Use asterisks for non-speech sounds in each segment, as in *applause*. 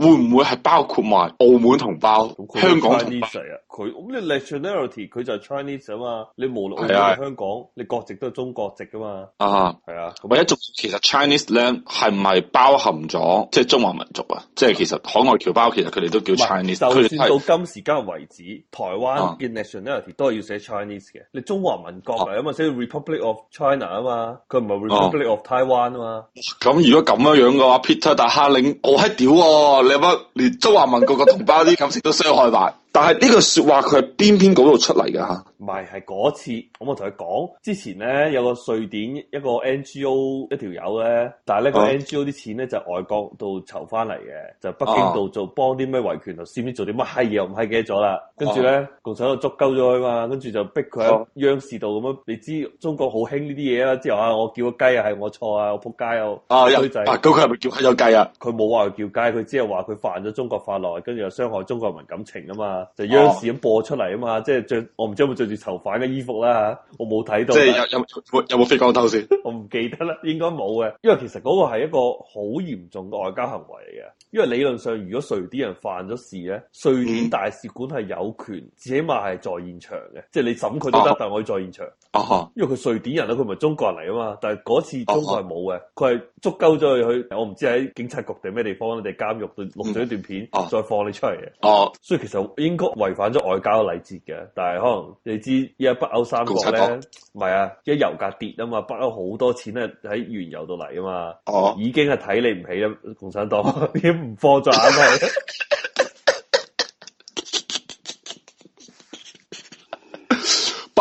會唔會係包括埋澳門同胞、香港同胞佢咁你 nationality 佢就係 Chinese 啊嘛！你無論係香港，你國籍都係中國籍噶嘛？啊，係啊！或一仲其實 Chinese 咧係唔係包含咗即係中華民族啊？即係其實海外僑胞其實佢哋都叫 Chinese。就算到今時今日為止，台灣嘅 nationality 都係要寫 Chinese 嘅。你中華民國啊嘛，寫 Republic of China 啊嘛，佢唔係 Republic of Taiwan 啊嘛。咁如果咁樣樣嘅話，Peter 大亨，我係屌喎！連中華民國嘅同胞啲感情都傷害埋。但係呢個說話佢係邊篇稿度出嚟噶吓？唔係，係嗰次。我咪同佢講，之前咧有個瑞典一個 N G O 一條友咧，但係呢個 N G O 啲錢咧就喺外國度籌翻嚟嘅，就是、北京度做幫啲咩維權啊，甚至做啲乜閪嘢，唔喺記得咗啦。跟住咧，共產黨捉鳩咗佢嘛，跟住就逼佢喺央視度咁樣。你知中國好興呢啲嘢啦，之後啊，我叫個雞啊係我錯啊，我仆街啊，衰仔。咁佢係咪叫閪咗雞啊？佢冇話叫雞，佢只係話佢犯咗中國法律，跟住又傷害中國人民感情啊嘛。就央視咁播出嚟啊嘛，即係著我唔知有冇着住囚犯嘅衣服啦，我冇睇到。即係有有冇飛光偷先？有有 *laughs* 我唔記得啦，應該冇嘅，因為其實嗰個係一個好嚴重嘅外交行為嚟嘅。因為理論上，如果瑞典人犯咗事咧，瑞典大使館係有權，至起碼係在現場嘅，即係你審佢都得，啊、但係我要在現場。啊啊、因為佢瑞典人啦，佢唔係中國人嚟啊嘛。但係嗰次中國係冇嘅，佢係捉鳩咗去去，我唔知喺警察局定咩地方定監獄度錄咗一段片，再放你出嚟嘅。哦、啊啊啊啊啊啊啊，所以其實應應該違反咗外交禮節嘅，但係可能你知依家北歐三國咧，唔係啊，因為油價跌啊嘛，北歐好多錢咧喺原油度嚟啊嘛，我已經係睇你唔起啦，共產黨，你 *laughs* 唔放作係。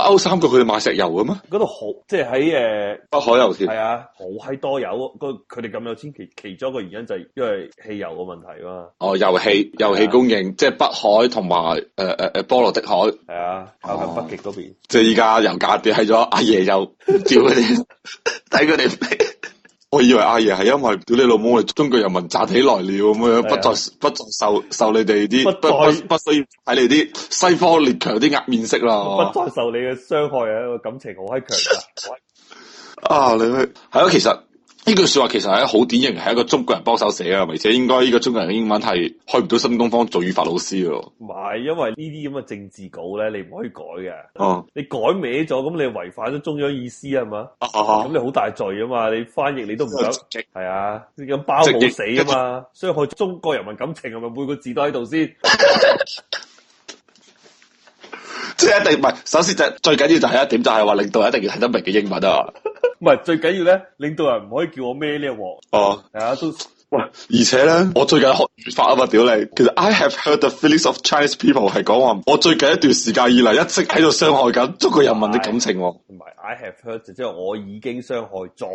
收三個佢哋買石油咁啊？嗰度好，即係喺誒北海油田，係啊，好閪多油。個佢哋咁有錢，其其中一個原因就係因為汽油嘅問題啊嘛。哦，油氣油氣供應，是啊、即係北海同埋誒誒誒波羅的海，係啊，靠近北極嗰邊。即係而家油價跌，係咗阿爺又叫佢哋睇佢哋。 *laughs* *laughs* 我以為阿爺係因為屌你老母，我哋中國人民站起來了咁樣，的不再不再受受，受你哋啲不再不需睇你啲西方列強啲壓面色啦，不再受你嘅傷害啊！這個感情好堅強啊！啊你去係咯，其實。呢句說話其實係好典型，係一個中國人幫手寫啊，而且即係應該呢個中國人嘅英文係去唔到新東方做語法老師咯。唔係，因為呢啲咁嘅政治稿咧，你唔可以改嘅。哦、啊，你改歪咗，咁你違反咗中央意思係嘛？哦咁、啊啊啊、你好大罪啊嘛！你翻譯你都唔想係啊，你咁包冇死啊嘛！言所以害中國人民感情係咪？每個字都喺度先，即係 *laughs* 一定唔係。首先就係最緊要就係一點，就係話領導一定要睇得明嘅英文啊。 *laughs* *laughs* 唔係最緊要咧，領導人唔可以叫我咩呢個哦，大家、就是、都喂，而且咧，我最近學語法啊嘛，屌你，其實 I have hurt the feelings of Chinese people 係講話我最近一段時間以嚟，一直喺度傷害緊中國人民嘅感情，同埋、啊啊、I have hurt 即係我已經傷害咗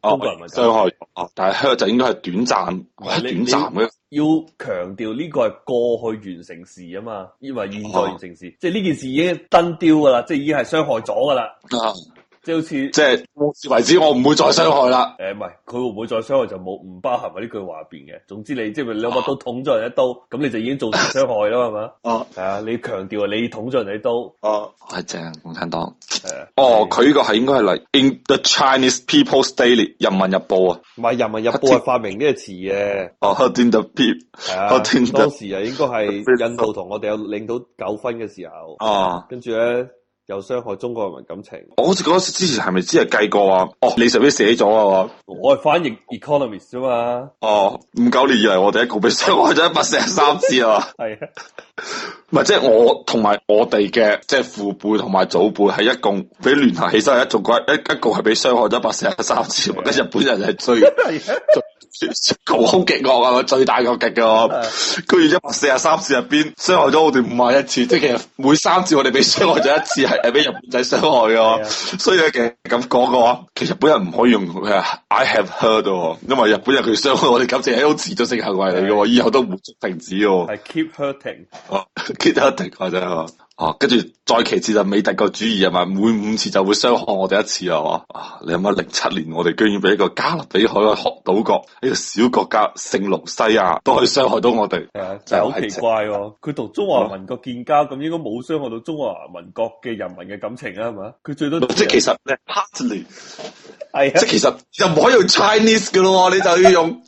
中國人民，傷、啊、害哦、啊，但係 hurt 就應該係短暫，短暫嘅。要強調呢個係過去完成時啊嘛，而唔係現在完成時，即係呢件事已經登丟噶啦，即、就、係、是、已經係傷害咗噶啦。啊嗯即係好似即係，目前為止我唔會再傷害啦。誒、呃，唔係佢會唔會再傷害就冇，唔包含喺呢句話入邊嘅。總之你即係兩把刀捅咗人一刀，咁、啊、你就已經造成傷害啦，係咪？哦，係啊，你強調啊，你，你捅咗人哋刀。哦、uh，係正了，共產黨。係、oh, 哦，佢呢個係應該係嚟《The Chinese People's Daily 人》人民日報啊。唔係人民日報係發明呢個詞嘅。哦，《The People》。啊。當時啊，應該係印度同我哋有領土糾紛嘅時候。哦、uh。跟住咧。有傷害中國人民感情，我好似嗰時之前係咪只係計過啊？哦，你上面寫咗啊？我係翻譯 Economist 啫嘛。哦，五九年以嚟我哋一個被傷害咗一百四十三次 *laughs* 啊。係、 *laughs* 就是、啊，唔係即係我同埋我哋嘅即係父輩同埋祖輩係一共俾聯繫起身，一總共一一個係俾傷害咗一百四十三次，俾日本人係衰。 *laughs* 是啊 *laughs* 好極惡啊！最大個極噶、啊，居然一百四十三次入邊，傷害咗我哋五萬一次，即係每三次我哋被傷害咗一次係誒俾日本仔傷害噶， *music* 所以咧其實咁講嘅話，其實日本人唔可以用誒，I have hurt 喎，因為日本人佢傷害我哋感情係都持續性行為嚟噶，以後都唔會停止喎。I keep hurting，哦 *laughs* *music* ，keep hurting 或者係。哦，跟住、啊、再其次就美帝國主義啊嘛，每五次就會傷害我哋一次啊嘛。啊，你諗下零七年我哋居然俾一個加勒比海嘅海島國，一、這個小國家聖盧西亞都可以傷害到我哋、啊，就好奇怪喎。佢同中華民國建交，咁應該冇傷害到中華民國嘅人民嘅感情啦，係嘛？佢最多、啊啊、即係其實 partly 係， *laughs* 即係其實又唔 *laughs* 可以用 Chinese 嘅咯，你就要用。 *laughs*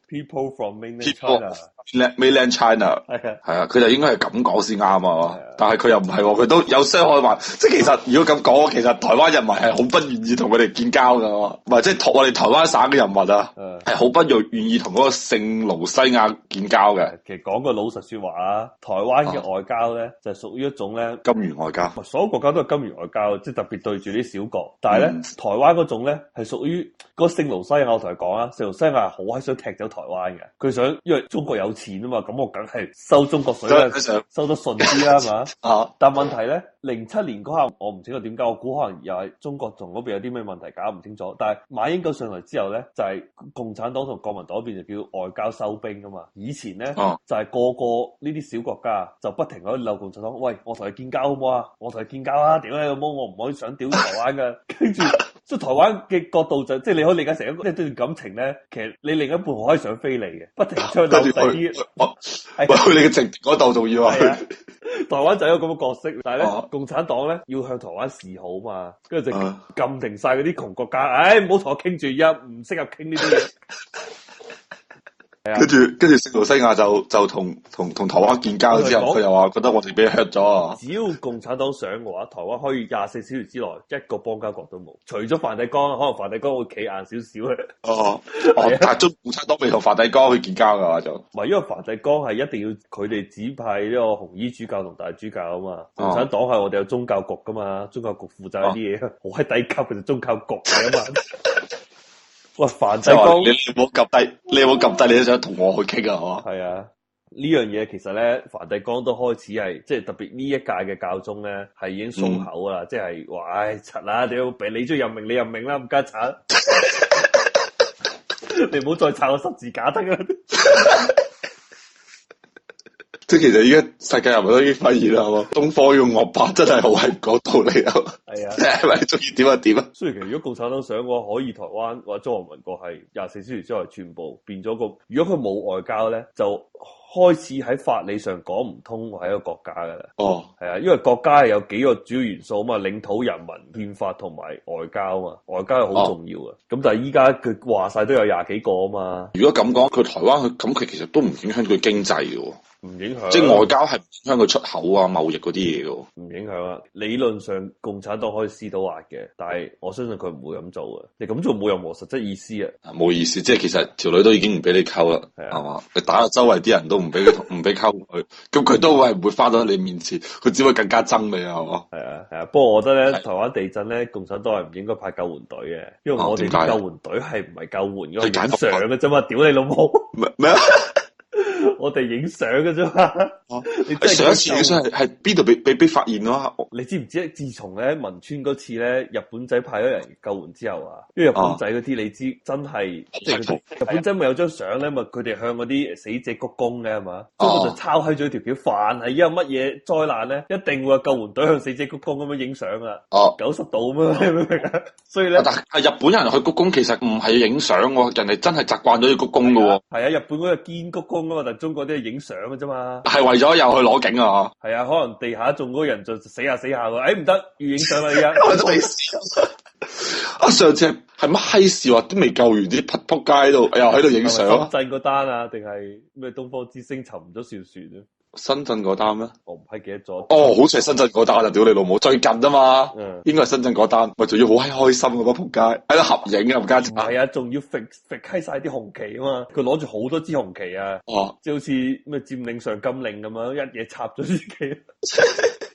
People from mainland China，係 *noise* 啊，佢就應該係咁講先啱啊，但係佢又唔係、啊，佢都有些開話， *laughs* 即係其實如果咁講，其實台灣人民係好不願意同佢哋建交噶，唔係即係我哋台灣省嘅人民啊，係好不願願意同嗰個聖盧西亞建交嘅、啊。其實講個老實說話啊，台灣嘅外交咧就係屬於一種咧金援外交，所有國家都係金援外交，即係特別對住啲小國，但係咧、嗯、台，台灣嗰種咧係屬於個聖盧西亞，我同你講啊，聖盧西亞好喺想踢走台灣嘅，佢想因為中國有錢啊嘛，咁我梗係收中國水，啦想，收得順啲啦嘛。 *laughs* 但問題呢，零七年嗰下我唔知道點解，我估可能又係中國同嗰邊有啲咩問題搞唔清楚。但係馬英九上嚟之後呢，就係、是、共產黨同國民黨嗰邊就叫外交收兵噶嘛。以前呢， *laughs* 就係個個呢啲小國家就不停喺度鬧共產黨，喂，我同你建交好唔好啊？我同你建交啦，點解咁樣？我唔可以想屌台灣噶，跟住。 *laughs* 即係台灣嘅角度就，即係你可以理解成，即係一段感情咧，其實你另一半可以想飛嚟嘅，不停唱低啲，係去你嘅情嗰度仲要 *laughs* 啊！台灣就有一個咁嘅角色，但係咧、啊、共產黨咧要向台灣示好嘛，跟住就撳停晒嗰啲窮國家，唉，唔好同我傾住一，唔適合傾呢啲嘢。 *laughs* 啊、西亞跟住，跟住，聖盧西亞就就同同同台灣建交之後，佢又話覺得我哋俾屈咗。只要共產黨想嘅話，台灣可以廿四小時之內一個邦交國都冇，除咗梵蒂岡，可能梵蒂岡會企硬少少哦，啊、哦但中共共產黨未同梵蒂岡去建交噶話就，唔係因為梵蒂岡係一定要佢哋指派呢個紅衣主教同大主教啊嘛，共產黨係我哋有宗教局噶嘛，宗教局負責啲嘢，我喺底級嘅就宗教局嚟啊嘛。 *laughs* *laughs* 喂，梵蒂岡，你你冇及低，你冇及低，你都想同我去傾啊？係嘛？係啊，呢樣嘢其實咧，梵蒂岡都開始係，即、就、係、是、特別呢一屆嘅教宗咧，係已經鬆口啦，嗯、即係話唉，柒啦、哎，你都俾你中任命，你任命啦，唔介柒，你唔好 *laughs* *laughs* *laughs* 再插個十字架得啦。即係其實而家世界人民都已經發現啦，係嘛？東方用惡霸真係好係講道理咯。係啊，係咪中意點就點啊？雖然其實如果共產黨想嘅話，可以台灣或者中華民國係廿四小時之內全部變咗個。如果佢冇外交咧，就開始喺法理上講唔通，我係一個國家噶啦。哦，係啊，因為國家係有幾個主要元素啊嘛，領土、人民、憲法同埋外交啊嘛，外交係好重要嘅。咁、哦、但係依家佢話晒都有廿幾個啊嘛。如果咁講，佢台灣佢咁，佢其實都唔影響佢經濟嘅。唔影響、啊，即係外交係唔影響佢出口啊、貿易嗰啲嘢嘅。唔影響啊，理論上共產黨可以施到壓嘅，但係我相信佢唔會咁做嘅。你咁做冇任何實質意思啊。冇、啊、意思，即係其實條女都已經唔俾你溝啦，係嘛、啊？你打到周圍啲人都唔俾佢，唔俾溝佢，咁佢 *laughs* 都係唔會返到喺你面前，佢只會更加憎你啊嘛。係啊，係啊。不過我覺得咧，是台灣地震咧，共產黨係唔應該派救援隊嘅，因為我哋、啊、救援隊係唔係救援嘅，係揀相嘅啫嘛。屌你老母！咩啊麼？ *laughs* 我哋影相嘅啫嘛， *laughs* 你上一次影相係係邊度俾俾俾發現啊？你知唔知自從咧汶川嗰次咧，日本仔派咗人救援之後啊，因為日本仔嗰啲你知真係，日本仔咪有張相咧咪佢哋向嗰啲死者鞠躬嘅係嘛？哦，啊、就抄起咗條條飯，係因為乜嘢災難咧？一定會有救援隊向死者鞠躬咁樣影相啊！哦、啊，九十度啊嘛，啊 *laughs* 所以咧，但係日本人去鞠躬，其實唔係影相，人哋真係習慣咗要鞠躬嘅喎。係啊，日本嗰個堅鞠躬啊嘛。中國啲係影相嘅啫嘛，係為咗又去攞景啊？係啊， *noise* 啊，可能地下仲嗰個人就死下、啊、死下，誒唔得要影相啦而家，我都未啊！哎、 *laughs* 啊 *laughs* 上次係乜閪事啊？都未救完啲仆仆街喺度，又喺度影相，深圳個單啊？定係咩東方之星沉咗艘船咧？深圳嗰單咩？我唔係記得咗哦，好似係深圳嗰單就屌你老母最近啊嘛。嗯、應該係深圳嗰單，咪、哎、仲要好閪開心噶嘛仆街，係啦合影啊仆街，係啊仲要揈揈閪晒啲紅旗啊嘛，佢攞住好多支紅旗啊，就好似咩佔領上禁令咁樣一嘢插咗支旗。 *laughs*